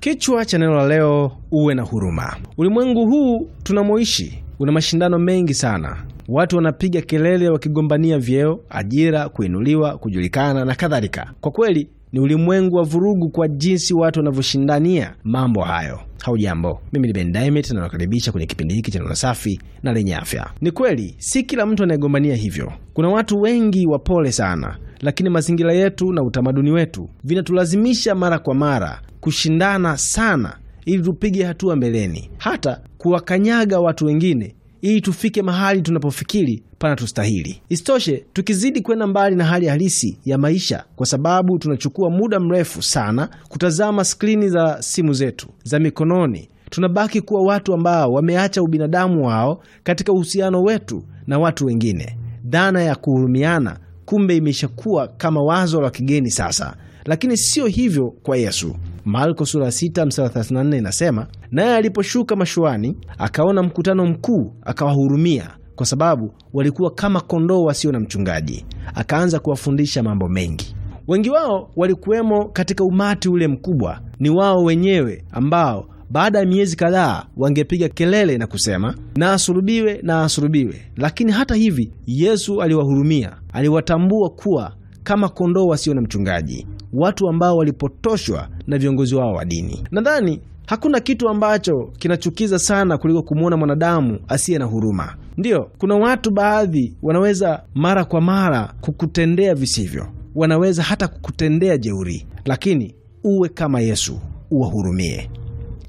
Kichwa cha neno la leo, uwe na huruma. Ulimwengu huu tunamoishi una mashindano mengi sana. Watu wanapiga kelele wakigombania vyeo, ajira, kuinuliwa, kujulikana na kadhalika. Kwa kweli ni ulimwengu wa vurugu kwa jinsi watu wanavyoshindania mambo hayo. Haujambo, mimi ni Ben Diamond na nawakaribisha kwenye kipindi hiki cha neno safi na lenye afya. Ni kweli si kila mtu anayegombania hivyo. Kuna watu wengi wapole sana, lakini mazingira yetu na utamaduni wetu vinatulazimisha mara kwa mara kushindana sana ili tupige hatua mbeleni, hata kuwakanyaga watu wengine ili tufike mahali tunapofikiri pana tustahili. Isitoshe, tukizidi kwenda mbali na hali halisi ya maisha, kwa sababu tunachukua muda mrefu sana kutazama skrini za simu zetu za mikononi, tunabaki kuwa watu ambao wameacha ubinadamu wao katika uhusiano wetu na watu wengine. Dhana ya kuhurumiana kumbe imeshakuwa kama wazo la kigeni sasa, lakini sio hivyo kwa Yesu. Marko sura 6 mstari 34 inasema, naye aliposhuka mashuani akaona mkutano mkuu, akawahurumia kwa sababu walikuwa kama kondoo wasio na mchungaji, akaanza kuwafundisha mambo mengi. Wengi wao walikuwemo katika umati ule mkubwa, ni wao wenyewe ambao baada ya miezi kadhaa wangepiga kelele na kusema na asulubiwe, na asulubiwe. Lakini hata hivi Yesu aliwahurumia, aliwatambua kuwa kama kondoo wasio na mchungaji watu ambao walipotoshwa na viongozi wao wa dini. Nadhani hakuna kitu ambacho kinachukiza sana kuliko kumwona mwanadamu asiye na huruma. Ndiyo, kuna watu baadhi wanaweza mara kwa mara kukutendea visivyo, wanaweza hata kukutendea jeuri, lakini uwe kama Yesu, uwahurumie.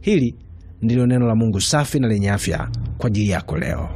Hili ndilo neno la Mungu safi na lenye afya kwa ajili yako leo.